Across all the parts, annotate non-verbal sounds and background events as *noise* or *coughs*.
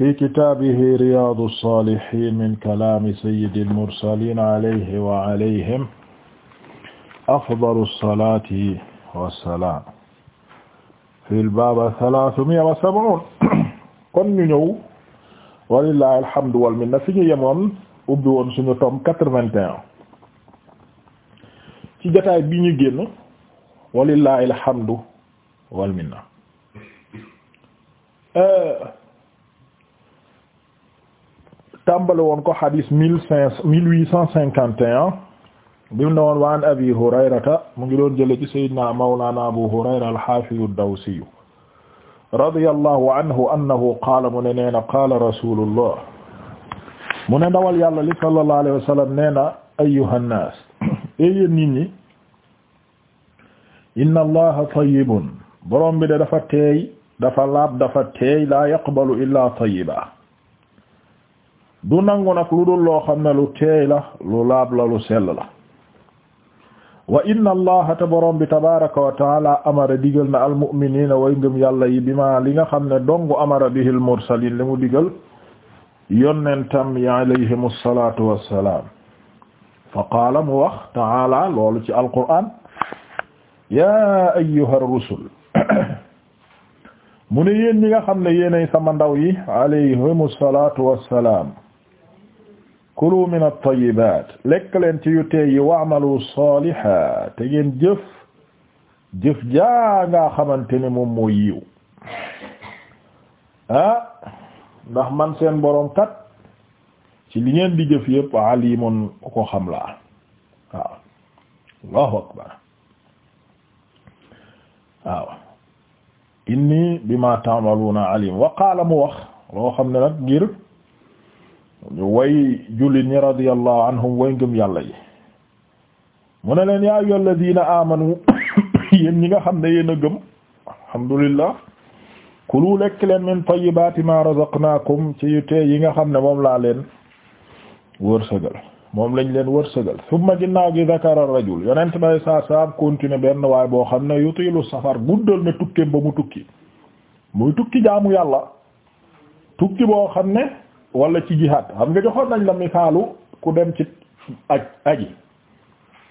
fi kitaabihi riyaadu saalihiin min kalaami sayyidil mursaliin alayhi wa alayhim afdalu salaati wa salaam. fil baab salaasumi'a wa sab'uun. kon ñu ñëw. walillaahi alhamdu wal minna fi ñu yemoon ubbi woon suñu tom quatre-vingt-un. ci jotaay bi ñu minna. Euh, tàmbale woon ko xadis mille cinq mille huit cent cinquante et un bi mu ne woon waan abi hurayrata mu ngi doon jële ci sayyidina mawlana abu hurayra al-hafiz ad-dawsi radiyallahu anhu annahu qaala mu ne nee na qaala rasulullah mu ne ndawal yàlla li sallallahu alayhi wa sallam nee na ayyuha nnaas *coughs* yéen nit ñi inna allaha tayyibun borom bi de dafa teey dafa laab dafa teey la yaqbalu illa tayyiba du nangu nag lu dul loo xam ne lu teey la lu laab la lu sell la wa inna allaha te bi tabaraka wa taala amara digal na almuminina way ngëm yàlla yi bi ma li nga xam ne dong amara bihil mursalin li mu digal yonnentam yi alayhim alsalatu wassalaam fa qaala mu wax taala loolu ci alqur'an ya ayyuha rusul mu ne yéen ñi nga xam ne yéenay sama ndaw yi alayhim alsalatu wassalaam kulu min at-tayyibaat lekk leen ci yu teey yi wa'malu te ngeen jëf jëf jaa nga xamante ne moom moo yiw ah ndax man ci li ngeen di jëf yépp alimun ku ko xam laa waaw allahu akbar waaw inni bima ta'maluna alim wa qaala mu wax ne nag ngir way jullit ñi radiyallahu anhum way ngëm yàlla yi mu ne leen yaa ayyuhal ladina amanu *coughs* yéen ñi nga xam ne yéen a gëm alhamdulillah kulu lekk leen min tayyibati ma razaqnakum ci yu tee yi nga xam ne moom laa leen wërsëgal moom lañ leen wërsëgal summa ginnaaw gi zakara rajul yonent bay saa saab continuer benn waay boo xam ne yutilu safar guddal na tukkeem ba mu tukki muy tukki jaamu yàlla tukki boo xam ne wala ci jihaad xam nga joxoon nañ la misaalu ku dem ci aj aji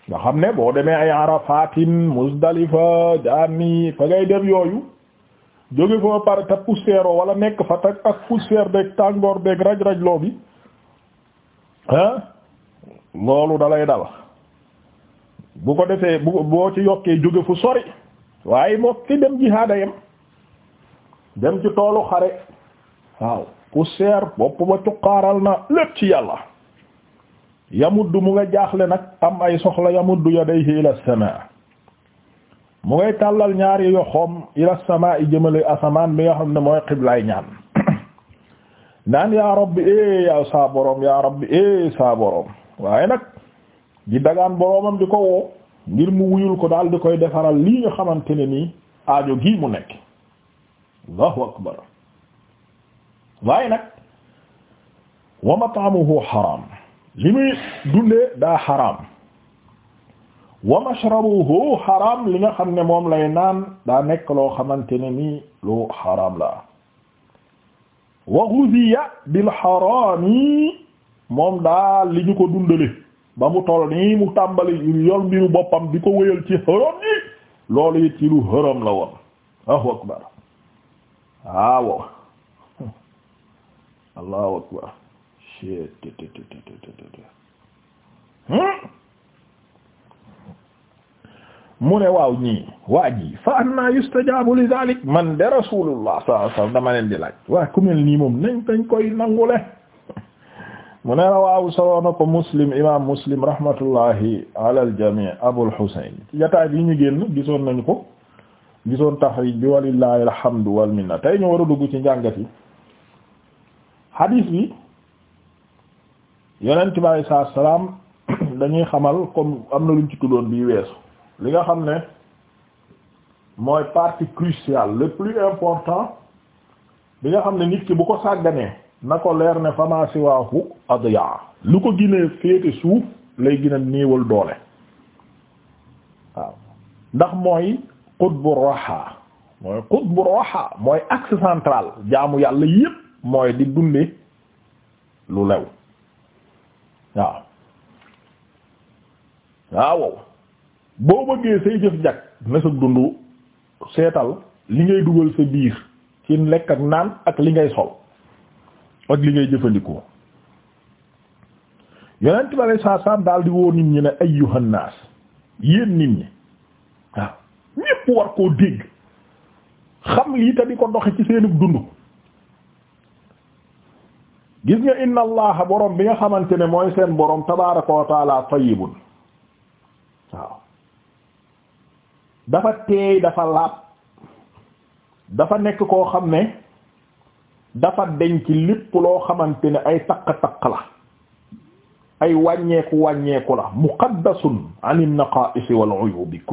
nga xam ne boo demee ay arafatin muzdalifa jaani fa ngay dem yooyu jóge foo pare te poussière o wala nekk fa tak ak poussière beeg tàngoor beeg raj-raj bi ah loolu dalay dal bu ko defee bu boo ci yokkee jóge fu sori waaye moo fi dem jihaada yem dem ci toolu xare waaw poussière bopp ba cuqaaral na lépp ci yàlla yamuddu mu nga jaaxle nag am ay soxla yamuddu yadayhi ila samaa mu ngay tàllal ñaari yoxoom ila samaa i jëmale asamaan bi nga xam ne mooy xiblaay ñaan *coughs* naan yaa rabbi e eh, yaa saa boroom yaa rabbi e saa boroom waaye nag di dagaan boroomam di ko woo ngir mu wuyul ko daal di koy defaral lii nga xamante ne nii aajo gii mu nekk allahu akbar waaye nag wa mat'amuhu xaram li muy dundee daa xaram wa mashrabuhu xaram li nga xam ne moom lay naan daa nekk loo xamante ne nii lu xaram la wa ghudiya bil xarami moom daal li ñu ko dundale ba mu toll nii mu tàmbali yor mbiru boppam di ko wéyal ci xëram yi loolu it ci lu xëram la woon ah akbar waaw allahu akbar hmm? mu ne waaw ñii waa ji fa anna yustajabu li dalik man de rasulullah sallallahu alayhi wasallam dama leen di laaj waa ku mel nii moom nañ dañ koy nangule *laughs* mu ne soo na ko muslim imam muslim rahmatullahi ala aljami abul husayn ci jataay ñu génn gisoon nañu ko gisoon taxrij bi walillahi alhamdu wal tey ñu war a dugg ci njàngat yi hadis yi yonent bi alei salaatu salaam *coughs* dañuy xamal comme am na luñ ci tuddoon bii weesu li nga xam ne mooy partie cruciale le plus important bi nga xam ne nit ki bu ko sàgganee na ko leer ne fama siwaahu adya lu ko ginee féete suuf lay gën néewal doole waaw ndax mooy qutbu raha mooy qutbu raha mooy axe jaamu yàlla yépp mooy di dunde lu lew waaw waaw boo bëggee say jëf jag na dund seetal li ngay dugal sa biir ci lekk ak naan ak li ngay sol ak li ngay jëfandikoo yonent bi alay saa saam daal di woo nit ñi ne ay naas yéen nit ñi waaw ñépp war koo dégg xam lii te di ko doxe ci seenu dund gis nga inna allaha borom bi nga xamante ne mooy seen borom tabaraka wa taala waaw dafa teey dafa laab dafa nekk koo xam ne dafa denc lépp loo xamante ne ay ay wàññeeku wàññeeku la muqaddasun anil naqa'is wal uyubi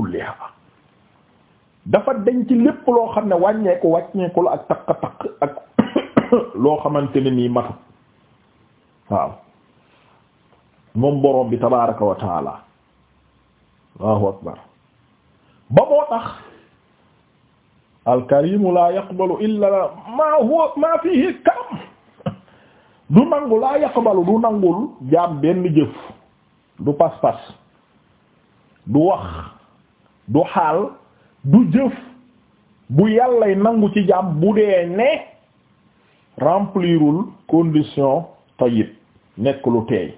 dafa denc lépp loo xam ne wàññeeku wàññeeku la ak takk-takk ak *coughs* loo xamante ne nii waaw moom borom bi tabaraka wa taala akbar ba moo tax alkarimu la yaqbalu illa ma huwa ma fihi karam du nangu laa yaqbalu du nangul jaam benn jëf du pas-pas du wax du xaal du jëf bu yàllay nangu ci jaam bu dee ne remplirul condition tayyib nekk lu teey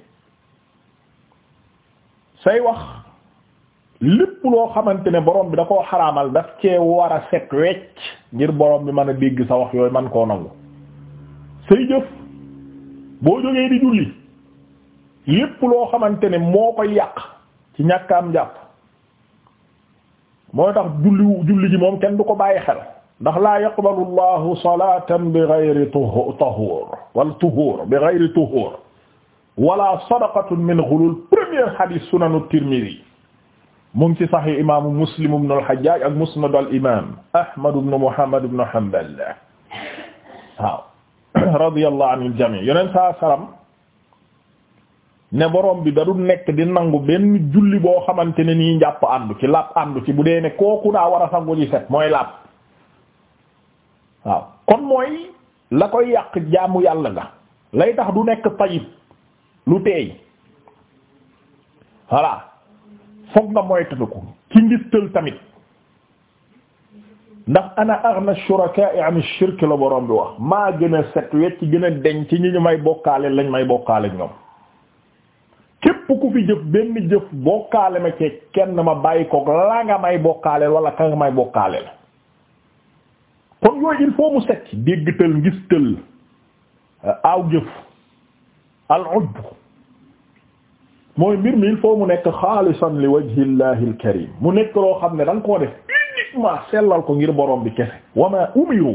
say wax lépp loo xamante ne borom bi da koo xaraamal daf cee war a set wecc ngir borom bi mën a dégg sa wax yooyu man koo nangu say jëf boo jógee di julli lépp loo xamante ne moo koy yàq ci ñàkkam jàpp moo tax julli julli ji moom kenn du ko bàyyi xel ndax laa yaqbalu llahu salatan bi ghayri tuhur wala bi ghayri tuhur wala sadaqatun min ghulul premier hadith sunanu Tirmidhi mu ngi ci sahih imaamu Muslim ibn al-Hajjaj ak musnad al-imam Ahmad ibn Muhammad ibn Hanbal waaw *coughs* radiyallahu anil jami' yeneen saa salaam ne borom bi da nekk di nangu benn julli boo xamante ne nii njàpp àndu ci lapp àndu ci bu dee ne kooku daa war a sangu ji set mooy lapp kon mooy la koy yàq jaamu yàlla nga lay tax du nekk tayib lu teey voilà foog nga moytandiku ci ngistal tamit ndax ana aghna shuraka'i an shirk la borom bi wax maa gën a set wet ci gën a deñ ci ñi ñu may bokkaale lañ may bokkaale ñoom képp ku fi jëf benn jëf bokkaale ma ci kenn ma bàyyi ko laa nga may bokkaale wala ka nga may bokkaale la kon yooyu il faut mu set ci dégg tël ngis tël aw jëf al ujb mooy mbir mi il faut mu nekk xaalisan li wajhillahi al karim mu nekk loo xam ne da nga koo def uniquement sellal ko ngir borom bi kese wa ma umiru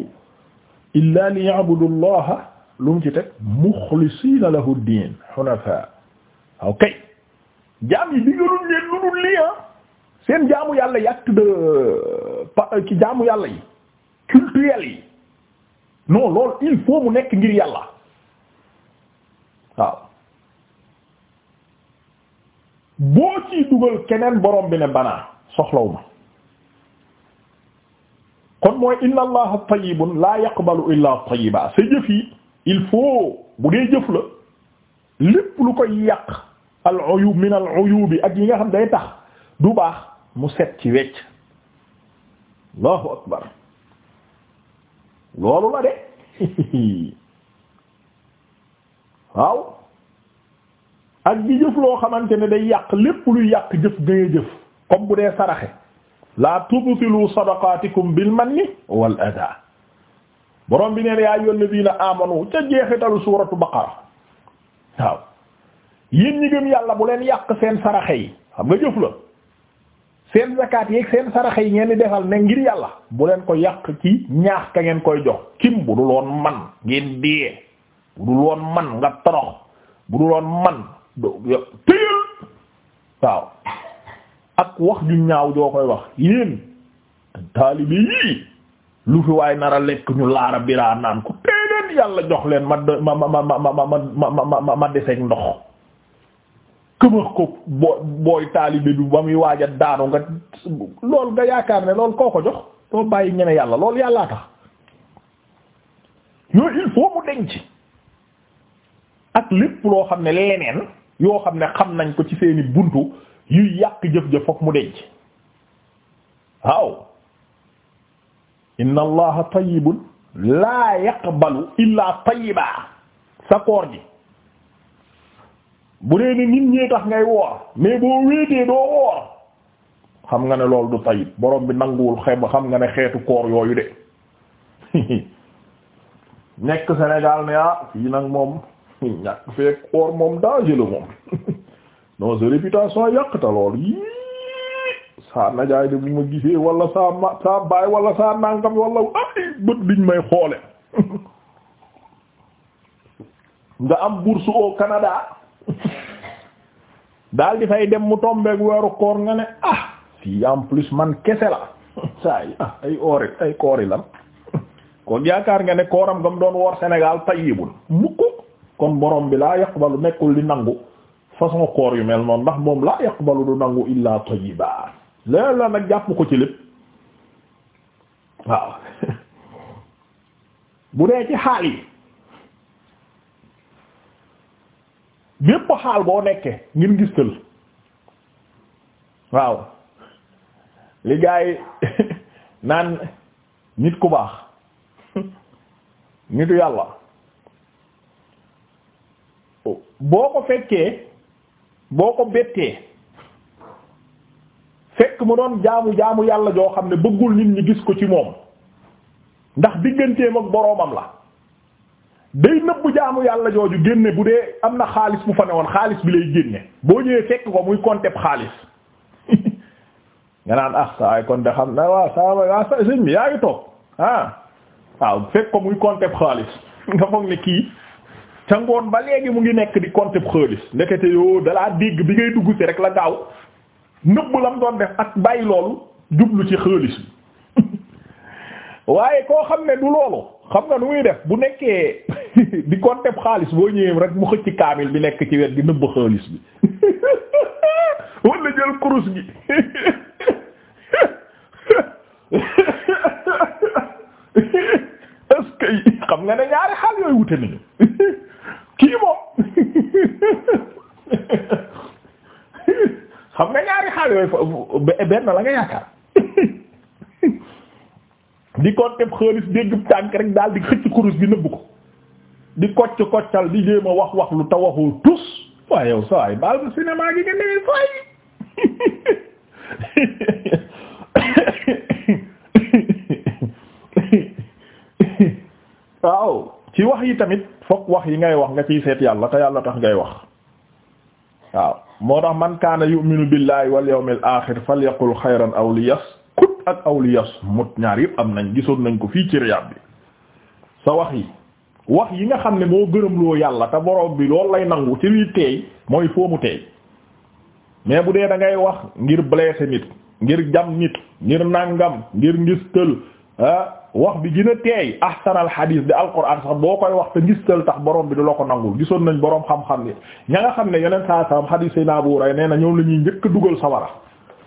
illa li ya'budu allaha lu ci teg muxlisiina lahu diin xunafa waaw kay jaam ah. seen jaamu yàlla yi acte de pa yàlla yi culturel yi non loolu il faut mu nekk ngir yàlla waaw boo ciy dugal keneen borom bi ne banaa soxlaw ma kon mooy inna allaha tayyibun la yaqbalu illa tayyiba sa jëf yi il faut bu dee jëf la lépp lu koy yàq al uyub min al uyubi ak yi nga xam day tax du baax mu set ci wecc allahu akbar loolu la de *laughs* waaw ak di jëf loo xamante ne day yàq lépp luy yàq jëf gën jëf comme bu dee saraxe la tubtilu sadaqatikum bil manni wal ada borom bi neen yaa ayyuhan nabiyina amanu ca jeexitalu suuratu baqara waaw yéen ñi gëm yàlla bu leen yàq seen saraxe yi xam nga jëf la seen zakat yeeg seen saraxe yi ngeen di defal ne ngir yàlla bu leen ko yàq ci ñaax ka ngeen koy jox kim bu dul woon man ngeen diyee bu dul woon man nga torox bu dul woon man téyal waaw ak wax ju ñaaw joo koy wax yéen taalibe yii lu fi waay nar a lekk ñu laara biraa naan ko téy leen yàlla jox leen ma ma ma ma ma ma ma ma deseeg ndox këmax ko boo booy taalibe bi ba muy waaja daanu nga lool nga yaakaar ne lool koo ko jox doo bàyyi ñene yàlla lool yàllaa tax yooyu il faut mu denc lépp loo xam ne leneen yoo xam ne xam nañ ko ci seeni buntu yuy yàq jëf-jëf fokk mu denc waaw inna allaha tayyibun laa yaqbalu illaa tayyiba sa koor ji bu dee ni nit ñee tax ngay woor mais boo wéetee doo woor xam nga ne loolu du tayyib borom bi nanguwul xeb xam nga ne xeetu koor yooyu de *laughs* nekk Sénégal ne ah fii nag moom *laughs* ñàkk fee koor moom danger la moom *laughs* non sa réputation yàq ta lool saa najaay de bu ma gisee wala saa ma saa baay wala saa nàngam wala ay bët diñ may xoole *laughs* nga am bourse au Canada daal di fay dem mu tombeeg weeru koor nga ne ah fii en plus man kese la saa ah, ay oori ay koori lan kon yaakaar nga ne kooram nga mu doon woor Sénégal tayyibul mukk kon borom bi laa lu nekkul li nangu façon koor yu mel noonu ndax moom laa lu du nangu illaa tayyiba la nag jàpp ko ci lépp waaw *laughs* bu ci xaal yi bépp xaal boo nekkee ngir gis tël waaw li gars *laughs* naan nit ku baax *laughs* nitu yàlla boo ko fekkee boo ko bettee fekk mu doon jaamu jaamu yàlla joo xam ne bëggul nit ñi gis ko ci moom ndax digganteem ak boroomam la day nëbbu jaamu yàlla jooju génne bu dee am na xaalis bu fa ne woon xaalis bi lay génne boo ñëwee fekk ko muy konteb xaalis *laughs* nga naan ah saa ay kon de xam na waaw saa waaw sëñ bi yaa ngi toog ah waaw fekk ko muy konteb xaalis *laughs* nga foog ne kii ca ngoon ba léegi mu ngi nekk di compter xaalis ndekete yoo dalaa dégg bi ngay dugg ci rek la gaaw nëbb lam doon def ak bàyyi loolu jublu ci xaalis bi *laughs* waaye koo xam ne du loolu xam nga nu muy def bu nekkee *laughs* di compter xaalis boo ñëwee rek mu xëcc kaamil bi nekk ci wet di nëbb xaalis bi *laughs* walla jël kurus gi est-ce que xam nga ne ñaari xaal yooyu wute nañu kii moom xam nga ñaari xaal yooyu benn la nga yaakaar di ko teb xaalis dégg tànk rek daal di xëcc kurus bi nëbb ko di kocc koccal di jéem wax wax lu ta tus waaye waaw ci wax yi tamit fokk wax yi ngay wax nga ciy seet yàlla te yàlla tax ngay wax waaw moo tax man kaana yu'minu billahi wal yawmil aaxir falyaqul xayran aw liyaskut ak aw liyasmut ñaar yëpp am nañ gisoon nañ ko fii ci Riyad bi sa wax yi wax yi nga xam ne moo gërëmloo yàlla te borom bi loolu lay nangu ci liy teey mooy foo mu teey mais bu dee da ngay wax ngir blesser nit ngir jam nit ngir nàngam ngir ngis tël ah, wax bi gën a teey ahsanal xadiis bi alquran sax boo koy wax te ngistal tax borom bi du la ko nangul gisoon nañ borom xam-xam ni ña nga xam ne yeneen saa saam xadiis yi naa bu ray nee na ñoom la ñuy njëkk dugal sawara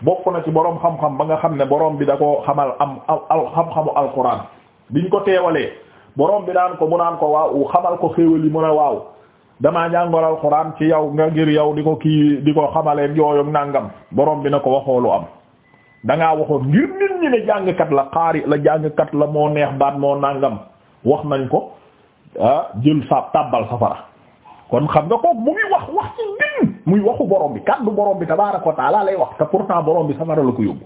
bokk na ci borom xam-xam ba nga xam ne borom bi da koo xamal am al xam-xamu alquran biñ ko teewalee borom bi daan ko mu naan ko waaw xamal ko xéewal yi mu ne waaw damaa jàngal alquran ci yow nga ngir yow di ko kii di ko xamalee yooyu nangam borom bi ko waxoolu am da waxoon ngir nit ñi ne jàngkat la xaari la jàngkat la moo neex baat moo nàngam wax nañ ko ah jël sa tàbbal safara kon xam nga ko mu ngi wax wax ci din muy waxu borom bi kàddu borom bi tabaaraka wa taala wax te pourtant borom bi safara la ko yóbbu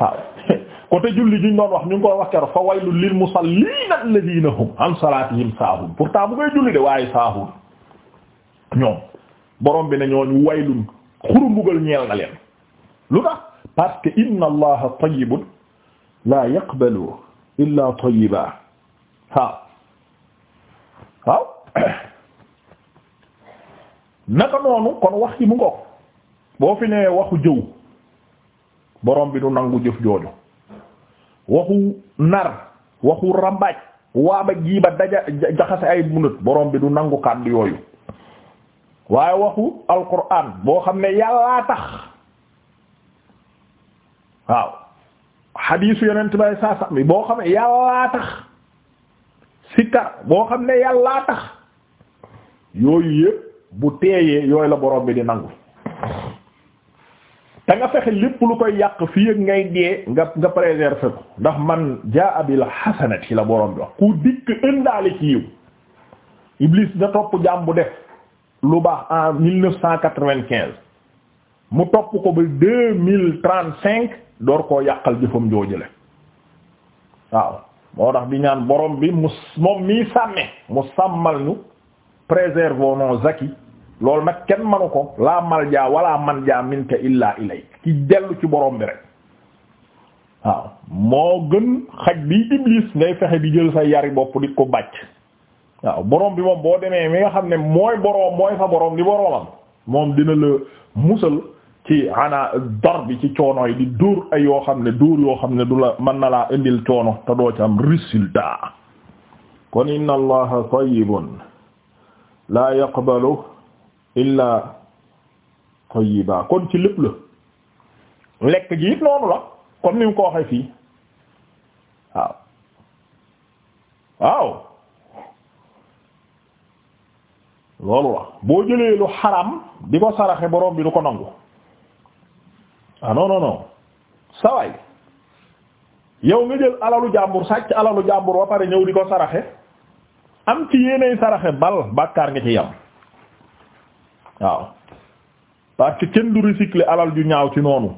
waaw *laughs* côté julli gi ñu doon wax ñu ngi koy wax keroog fa waylul lil musalliina alladhiina hum an salaatihim saahuun pourtant bu ngay julli de waaye saahuun ñoom borom bi ne ñooñu waylun xuru mbugal parce que inna allaha tayyibun la yaqbalu illa tayyiba waaw waaw naka kon wax ci mu ngoog boo fi nee waxu jëw boroom bi du nangu jëf jooju waxu nar waxu rambaaj waaba jiiba daja jaxase ay munut borom bi du nangu kàddu yooyu waaye waxu alquran boo xam ne yàllaa tax waaw xadiisu yonent bay saasam bi boo xam ne yàllaa tax sikkar boo xam ne yàllaa tax yooyu yëpp bu teeyee yooyu la borom bi di nangu te nga fexe lépp lu koy yàq fii ak ngay dee nga nga préserver ko ndax man jaa bil hasanati la borom bi wax ku dikk indaale ci yiw Iblis da topp jaam bu def lu baax en mille neuf cent quatre-vingt-quinze mu topp ko ba deux mil trente-cinq door koo yàqal jëfam joojule waaw moo tax di ñaan boroom bi mu moom mii sàmme mu sàmmal ñu préservons nos acquis loolu nag kenn manu ko laa malja wala manja minka illa ilayk ci dellu ci boroom bi rek waaw moo gën xaj bi iblis ngay fexe di jël sa yari bopp di ko bàcc waaw borom bi moom boo demee mi nga xam ne mooy boroom mooy sa boroom di boroomam moom dina la musal ci ana dor bi ci coono yi di dóor ay yoo xam ne dóor yoo xam ne du la mën na laa indil coono te doo ci am résultat kon inna allaha tayyibun laa yaqbalu illa tayyiba kon ci lépp la lekk gi it noonu la comme mu ko waxee fii waaw waaw loolu la boo jëlee lu xaram di ko saraxe borom bi du ko nangu ah non non non sawaay yow nga jël alalu jàmbur sàcc alalu jàmbur ba pare ñëw di ko saraxe am ci yéenay saraxe bal bàkkaar nga ci yam waaw parce que kenn du recycler alal ju ñaaw ci noonu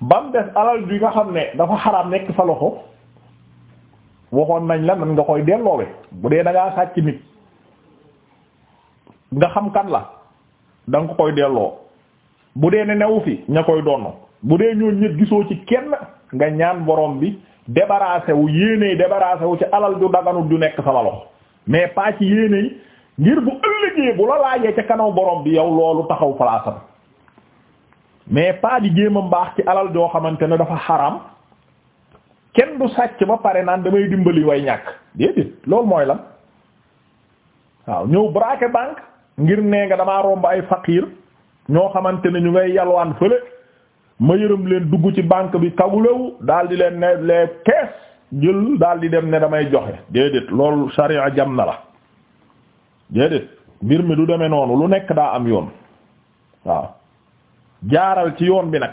bam des alal ju nga xam ne dafa xaraam nekk sa loxo waxoon nañ la nan nga koy delloowe bu dee da ngaa sàcc nit nga xam kan la da ko koy delloo bu dee ne newu fi ña koy donn bu dee ñoo ñëpp gisoo ci kenn nga ñaan borom bi débarrassé wu yéeney débarrassé wu ci alal du daganut du nekk sama loxo mais pas ci yéeney ngir bu ëllëgee bu la laajee ca kanaw borom bi yow loolu taxaw palaasam mais paa di jéem mbaax ci alal joo xamante ne dafa xaram kenn du sàcc ba pare naan damay dimbali way ñàkk déedéet loolu mooy lan waaw ñëw braquer banque ngir nee nga damaa romb ay fakir ñoo xamante ne ñu ngay yalwaan fële ma yërëm leen dugg ci banque bi kagulewu daal di leen ne les caisses jël daal di dem ne damay joxe déedéet loolu sariya jam na la déedéet mbir mi du demee noonu lu nekk daa am yoon waaw jaaral ci yoon bi nag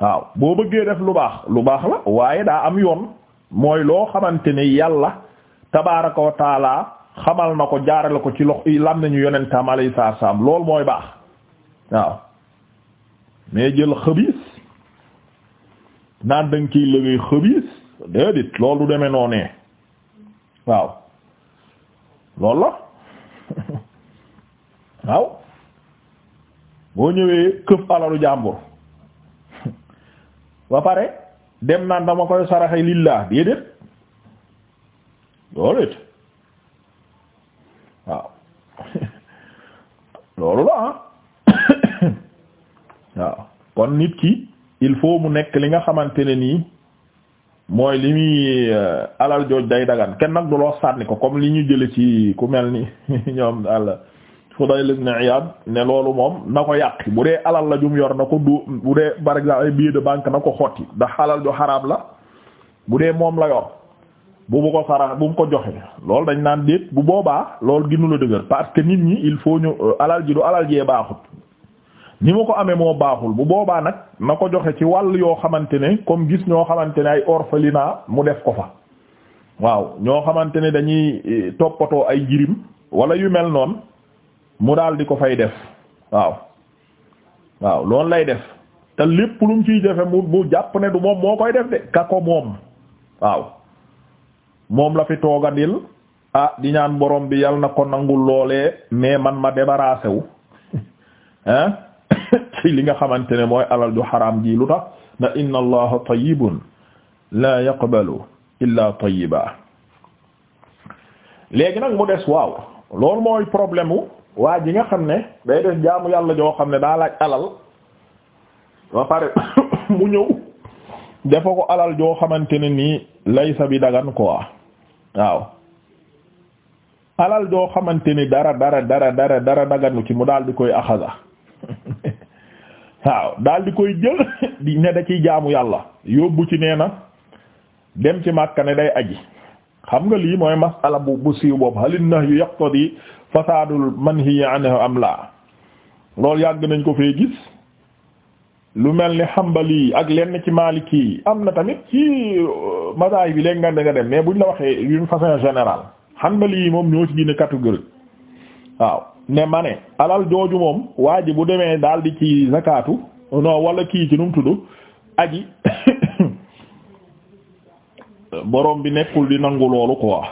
waaw boo bëggee def lu baax lu baax la waaye daa am yoon mooy loo xamante ni yàlla tabaaraka wa taala xamal na ko jaarale ko ci lox i lam nañu yonentam alayhi saam loolu mooy baax waaw mais jël xabiis naan danga kiy liggéey xabiis déedéet loolu demee noonee waaw loolu la *laughs* waaw boo ñëwee këf alalu jàmbur *laughs* ba pare dem naan dama koy saraxe lillah déedéet loolu it waaw *laughs* loolu la ah *coughs* waaw kon nit ki il faut mu nekk li nga xamante ne nii mooy li muy euh, alal jooj day dagan kenn nag du loo sànni ko comme li ñu jële ci ku mel ni *laughs* ñoom àll Fudayl na Iyad ne loolu moom na ko yàq bu dee alal la jum yor na ko du bu dee par exemple ay billet de banque na ko xotti ndax alal ju xaraab la bu dee moom la yor bu bu ko faraa bu mu ko joxe loolu dañ naan déet bu boobaa loolu gënu la dëgër parce que nit ñi il faut ñu euh, alal ji du alal jee baaxut ni ma ko amee moo baaxul bu boobaa nag na ko joxe ci wàll yoo xamante ne comme gis ñoo xamante ne ay orphelinat mu def ko fa waaw ñoo xamante ne dañuy eh, toppatoo ay jirim wala yu mel noonu mu daal di ko fay def waaw waaw loolu lay def te lépp lu ciy defe mu mu jàpp ne du moom moo koy def de ka ko moom waaw moom la fi toogandil a ah, di ñaan borom bi yal na ko nangul loolee mais man ma débarrassé wu *laughs* hein li nga xamante ne mooy alal ju xaraam ji lu tax na inna allaha tayyibun la yaqbalu illa tayyiba léegi nag mu des waaw loolu mooy problème wu waa ji nga xam ne day def jaamu yàlla joo xam ne daa laaj alal ba pare *coughs* mu ñëw dafa ko alal joo xamante ne nii laysa bi dagan quoi waaw alal joo xamante ni dara dara dara dara dara daganu ci mu daal di koy axasa *laughs* waaw daal di koy jël *laughs* di ne da ciy jaamu yàlla yóbbu ci nee na dem ci Makka ne day aji xam nga lii mooy masala bu bu siiw boobu halin nahyu yaqtadi fasadul manhi anhu am la loolu yàgg nañ ko fee gis lu mel ni Hanbali ak lenn ci Maliki yi am na tamit ci euh, masaay bi léegi nga da nga dem mais buñ la waxee d'une façon général Hanbali yi moom ñoo ci gën a waaw ne mane alal jooju moom waa ji bu demee daal di ci zakatu non wala kii ci nu mu tudd aji *coughs* borom bi nekkul di nangu loolu quoi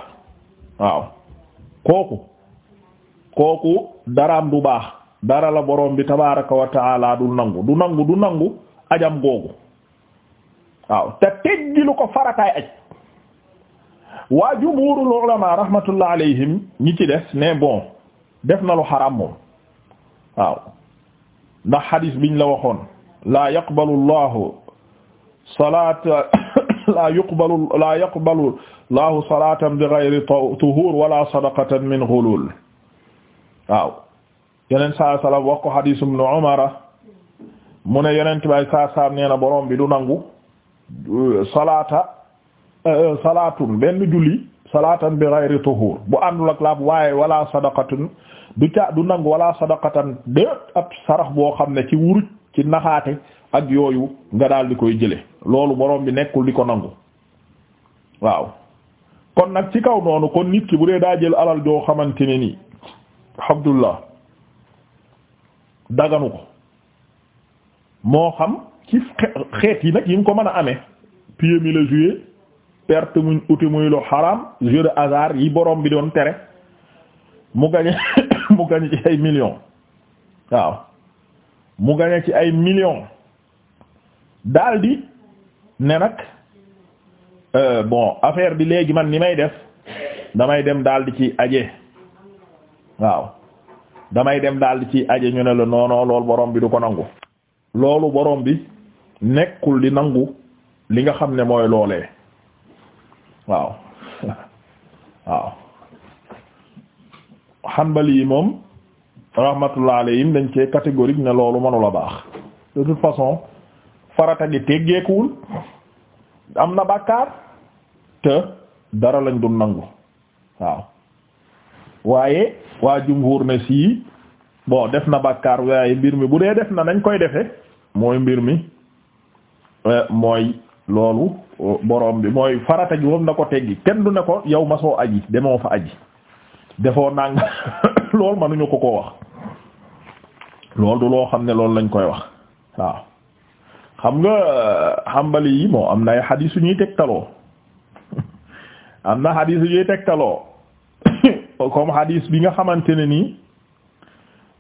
waaw kooku kooku daraam du baax dara la borom bi tabaraka wa du nangu du nangu ajam googu waaw te teggilu ko farataay aj waa jumhurul ulama rahmatullah alayhim ñi ci des mais bon def na lu xaraam moom xadis biñ la waxoon laa yaqbalu llahu salata *coughs* laa yuqbalu laa bi ghayri tuhur wala sadaqatan min ghulul waaw yeneen saa salaam wax ko xadis ibn Umar mu ne yeneen bay saa saa nee na borom bi du nangu uh, salaata uh, salaatun benn julli salaatan bi ghayri tuhur bu àndul ak laab waaye wala sadaqatun du ca du nangu wala sadaqatan de ab sarax boo xam ne ci wuruj ci naxaate ak yooyu nga daal di koy jële loolu borom bi nekkul di ko nangu waaw kon nag ci kaw noonu kon nit ki bu dee daa jël alal joo xamante ne nii alhamdulillah daganu ko moo xam ci xeet yi nag yi mu ko mën a amee premier le juillet perte muñ uti muy lu xaraam jeu hasard yi borom bi doon tere mu gañe *coughs* mu gañe ci ay millions waaw mu gañe ci ay millions daldi ne nag euh, bon affaire bi léegi man ni may def damay dem daldi ci aje waaw damay dem daldi ci aje ñu ne la noonoo loolu boroom bi du ko nangu loolu boroom bi nekkul di nangu li nga xam ne mooy loolee waaw *laughs* waaw hanbali yi moom rahmatullah alayhim dañ cee catégorique ne loolu mënula baax de toute façon farata gi teggeekuwul am na bàkkaar te dara lañ du nangu waaw waaye waa jumhur na si bon def na bàkkaar waaye mbir mi bu dee def na nañ koy defe mooy mbir mi eh, mooy loolu borom bi mooy farata gi moom na ko teggi kenn du ne ko yow ma soo aji demoo fa aj defoo nang *laughs* loolu manuñu ko koo wax loolu du loo xam ne loolu lañ koy wax waaw xam nga xambali yi moo am na ay xadiis yu ñuy tegtaloo *laughs* am na xadiis yu ñuy tegtaloo *coughs* bi nga xamante ne nii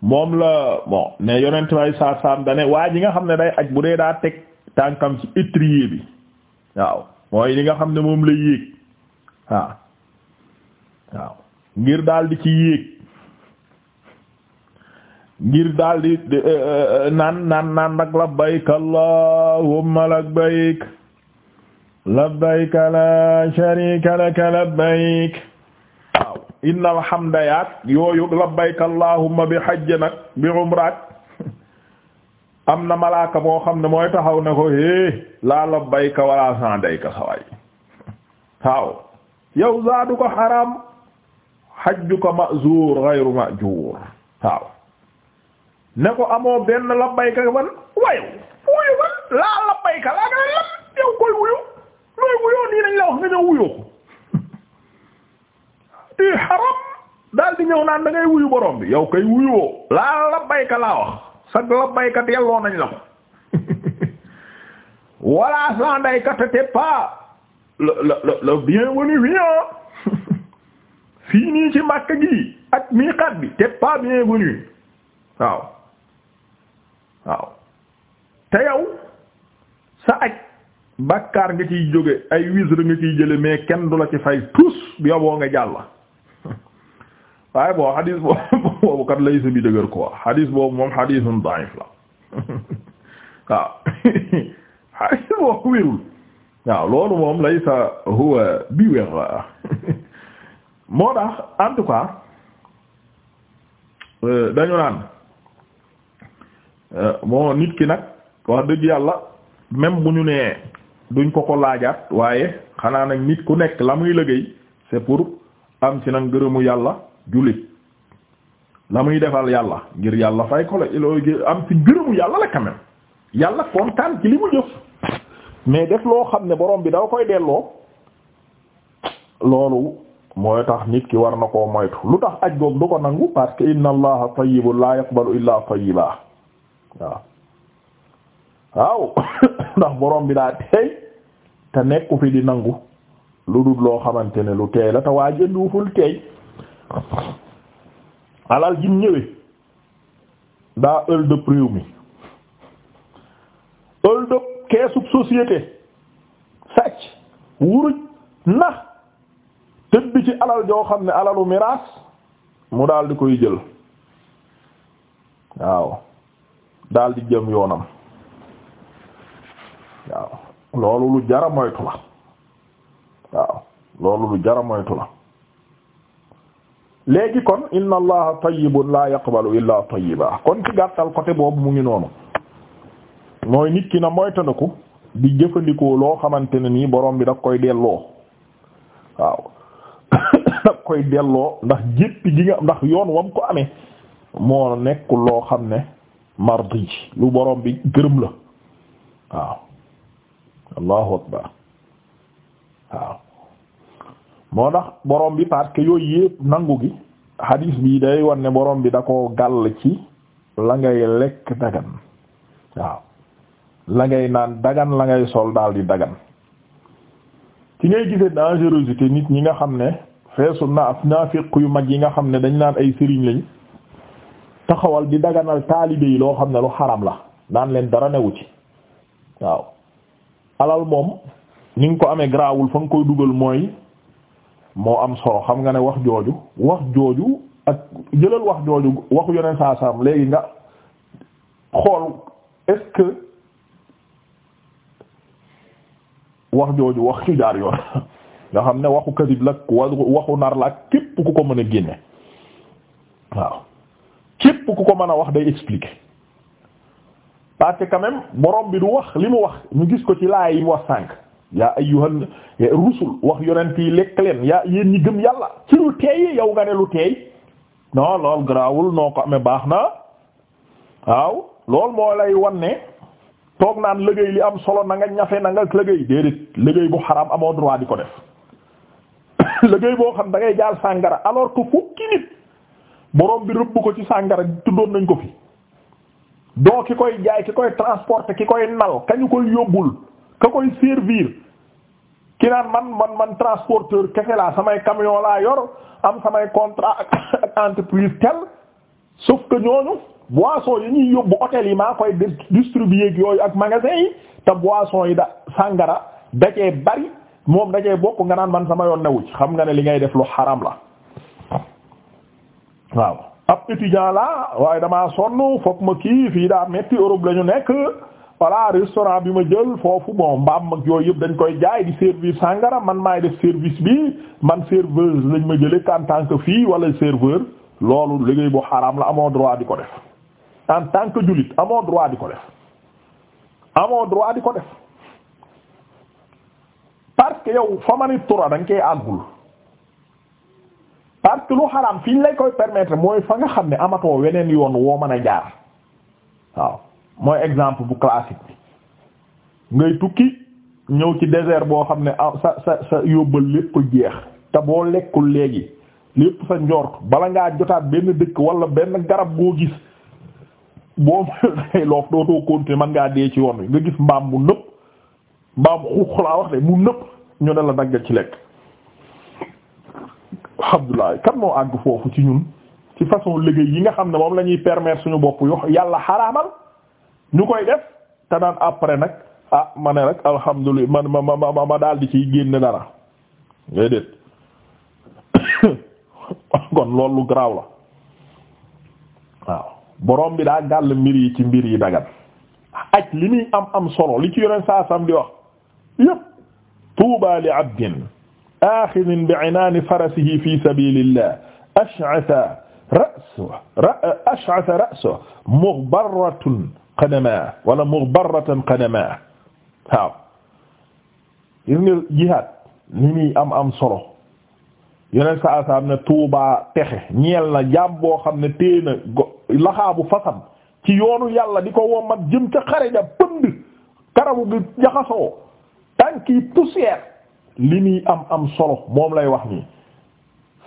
moom la bon ne yonent way sa saam dane waa ji nga xam ne day aj bu dee daa teg tànkam ci étrier bi waaw mooy li nga xam ne moom la yéeg waaw waaw ngir daal di ci yéeg ngir daal di eh, eh, naan naan naan nag labbayk allahumma labbayk labbayk la sharika laka labbayk waaw inna alhamda yaak yooyu labbayk allahumma bi hajj nag bi umraak am na malaaka moo xam ne mooy taxaw ne ko hé eh, laa labbayka wala sa'dayka xawaay waaw yow zaadu ko xaram xajju ko ma'zuur ghayru ma'juur ne ko amoo benn labbayka man wayu wuyu man laa labbayka laa nga lam yow koy wuyu looy wuyoo nii nañ la wax nga ñëw wuyoo ko i *laughs* eh, xaram daal di ñëw naan da ngay wuyu borom bi yow koy wuyoo laa labbayka laa wax sag baykat yelloo nañ la ko *laughs* voilà sa ndaykat te pas le le le le bienvenu *laughs* fii nii ci Makka gi ak miiqaat bi te pas bienvenu waaw waaw te yow sa aj bàkkaar nga ciy jóge ay wisre nga ciy jële mais kenn du la ci fay tous bi yoboo nga jàll *laughs* waaye boo xadiis boo boobu kat lay sa bi dëgër quoi xadis boobu moom xadisun da'if la waaw waaw loolu moom lay sa huwa bi wér moo tax en tout cas euh, dañu naan euh, moo nit ki nag wax dëgg yàlla même bu ñu nee duñ ko ko laajaat waaye xanaa nag nit ku nekk la muy liggéey c'est pour am ci nag gërëmu yàlla jullit la defal yàlla ngir yàlla fay ko la loo am ci ngërëmu yàlla la quand même yàlla kontaan ci li mu jëf mais def loo xam ne borom bi dafa koy delloo loolu mooy tax nit ki war na koo moytu lu tax aj goog du ko nangu parce que inna allaha tayyibun la yaqbalu illa tayyiba waaw *coughs* ndax borom bi daa teey te nekku fi di nangu lu dul loo xamante ne lu teey la te waa jëndiwu teey alal jim ñëwee daa ël dëpp mi ël dëpp keesub société wuruj nax tëdd ci alal joo xam ne alalu miraas mu daal di koy jël waaw daal di jëm yoonam waaw loolu lu jara moytu la waaw loolu lu jara moytu la léegi kon inna allaha tayyibun laa yaqbalu illa tayyiba kon ci gàttal côté boobu mu ngi noonu mooy nit ki na moytandiku di jëfandikoo loo xamante ne nii boroom bi da koy delloo waaw *coughs* da koy delloo ndax jéppi gi nga ndax yoon wam ko amee moo nekkul loo xam ne mardi lu borom bi gërëm la waaw allahu akbar waaw moo tax borom bi parce que yooyu yëpp nangu gi hadis bi day wan ne borom bi da koo gàll ci la ngay lekk dagan waaw la ngay naan dagan la ngay sol daal di dagan ci ngay gisee dangerosité nit ñi nga xam ne feesul na af naafiq yu mag yi nga xam ne dañ naan ay sëriñ lañ taxawal di daganal taalibe yi loo xam ne lu xaram la naan leen dara newu ci waaw alal moom ñu nga ko amee garaawul fa nga koy dugal mooy moo am solo xam nga ne wax jooju wax jooju ak jëlal wax jooju waxu yeneen saa saam léegi nga xool est wax jooju wax ci jaar yoon *laughs* nga xam ne waxu kadib la waxu nar la ak képp ku ko mën a génne waaw képp ku ko mën a wax day expliquer parce que borom bi du wax li mu wax ñu gis ko ci laay yi wax sànk yaa ayyuhan rusul wax yonent fii lekk leen yaa yéen ñi gëm yàlla ci lu teey yow nga ne lu teey non lool garaawul noo ko amee baax na waaw lool moo lay wan ne toog naan liggéey li am solo na nga ñafe na nga liggéey déedéet liggéey bu xaraam amoo droit di ko def *coughs* liggéey boo xam da ngay jaal sàngara alors que fukki nit borom bi rëbb ko ci sàngara tuddoon nañ ko fi doo ki koy jaay ki koy transporter ki koy nal kañu koy yóbbul ka koy servir ki naan man man man transporteur kese laa samay camion laa yor am samay contrat ak entreprise tel sauf que ñooñu boisson yi ñuy yóbbu hôtel yi maa koy distribuer yooyu ak magasin yi te boisson yi da sàngara dacee bari moom dacee bokk nga naan man sama yoon newu ci xam nga ne li ngay def lu xaram la waaw ab étudiant la waaye damaa sonn fokk ma kii fii daa metti Europe la nekk voilà restaurant bi ma jël foofu bon mbaam mag yooyu yëpp dañ koy jaay di servir sangara man maay def service bi man serveuse lañ ma jëlee en tant que fille wala serveur loolu liggéey bu xaraam la amoo droit di ko def en tant que jullit amoo droit di ko def amoo droit di ko def parce que yow fa ma ni tura dañ koy àggul parce que lu xaraam fi ñu koy permettre mooy fa nga xam ne amatoo weneen yoon woo mën a jaar waaw mooy exemple bu classique bi ngay tukki ñëw ci désert boo xam ne ah sa sa sa yóbbal lépp jeex te boo lekkul léegi lépp sa njort bala ngaa jotaat benn dëkk wala benn garab goo gis boo mënee *laughs* loof dootoo continuer man ngaa dee ci yoon wi nga gis mbaam mu nëpp mbaam xuux laa wax de mu nëpp ñu ne la daggal ci lekk. alhamdulilah kan moo àgg foofu ci ñun ci façon liggéey yi nga xam ne moom la ñuy permettre suñu bopp yoo yàlla xaraamal. ñu koy def te naan après nag ah ma ne rek alhamdulilah man ma ma ma daal di ciy génne dara ngay déet *coughs* lu garaaw la waaw borom bi daa gàll mbir ci mbir yi dagan aj li am am solo li ci yoneen saa sam di wax yépp tuuba li abdin axidin bi inaani farasihi fi sabilillah ash'atha ra'suhu ash'atha ra'suhu mughbarratun qadama wala mughbaratan qadama waaw gis nga jihaad ni muy am am solo yeneen saa saa am ne tuubaa pexe ñeel na jaam boo xam ne téye na go laxaabu fasam ci yoonu yàlla di ko wommat jëm ca xare ja pënd karawu gi jaxasoo tànk yi li muy am am solo moom lay wax nii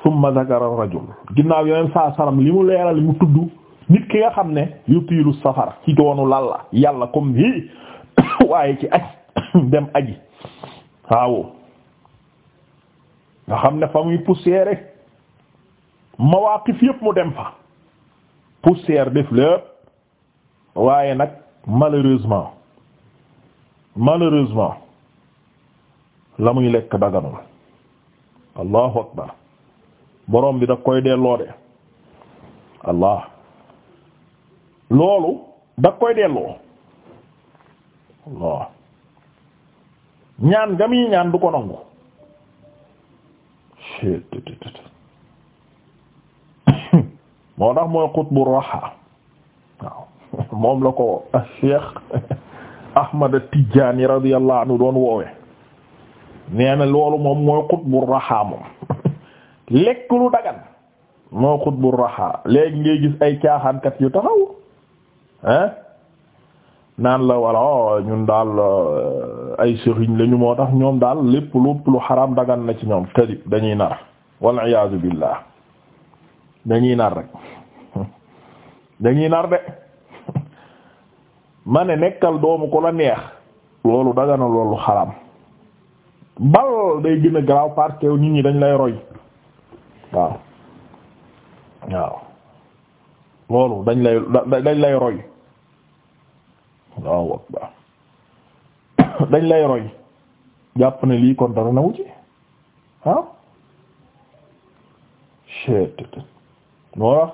summa zakara rajul ginnaaw yeneen saa saram li mu leeral mu tudd nit ki nga xam ne yutiilu safar ci doonu lalla yàlla comme hi *coughs* waaye ci aj *coughs* dem aji waaw nga xam ne fa muy poussière mawaqif yépp mu dem fa poussière def lépp waaye nag malheureusement malheureusement la muy lekk daganul allahu akbar borom bi daf koy delloo de allah loolu da koy delloo Allah ñaan nga muy ñaan du ko nangu *laughs* moo tax mooy xutbu raxa waaw *laughs* moom la ko Cheikh Ahmad Tijaani radiyallahu anhu doon woowe nee na loolu moom mooy xutbu raxa moom *laughs* lekk lu dagan mooy xutbu raxa léegi ngay gis ay caaxaankat yu taxaw ah naan la wala ñun daal euh, ay sëriñ lañu moo tax ñoom daal lépp lépp lu xaraam dagan na ci ñoom kadib dañuy nar wal iyaazu billah dañuy nar rek *laughs* dañuy nar de *laughs* ma ne nekkal doomu ko la neex loolu daga na loolu xaraam bal day gën a garaaw parce nit ñi dañ lay roy waaw waaw loolu dañ lay dañ lay roy waaw dañ lay roy jàpp ne lii kon dara nawu ci ah chet moo wax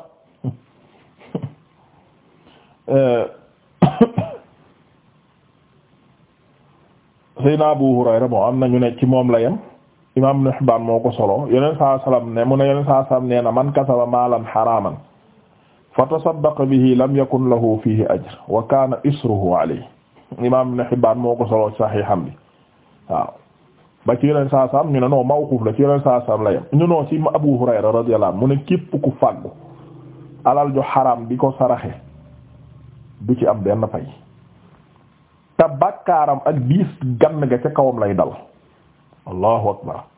*coughs* Seydina Abu Hurayra bon am nañu ne moom la yem imam Ibn Hibbaan moo ko solo yeneen na man kasaba maalan xaraaman fa tasaddaqa bihi lam yakun lahu fihi ajr wa kaana isruhu alayhi imaam Ibn Hibbaan moo ko saxiixam bi waaw ba ci yeneen saa saam ñu ne non mawquuf la ci yeneen saa saam la yem ñu noo ci Abu Hurayra radiyallahu anhu mu ne képp ku fàggu alal ju xaraam di ko saraxe du ci am benn fay te bakkaaram ak diis gann ga ca kawam lay dal allahu akbar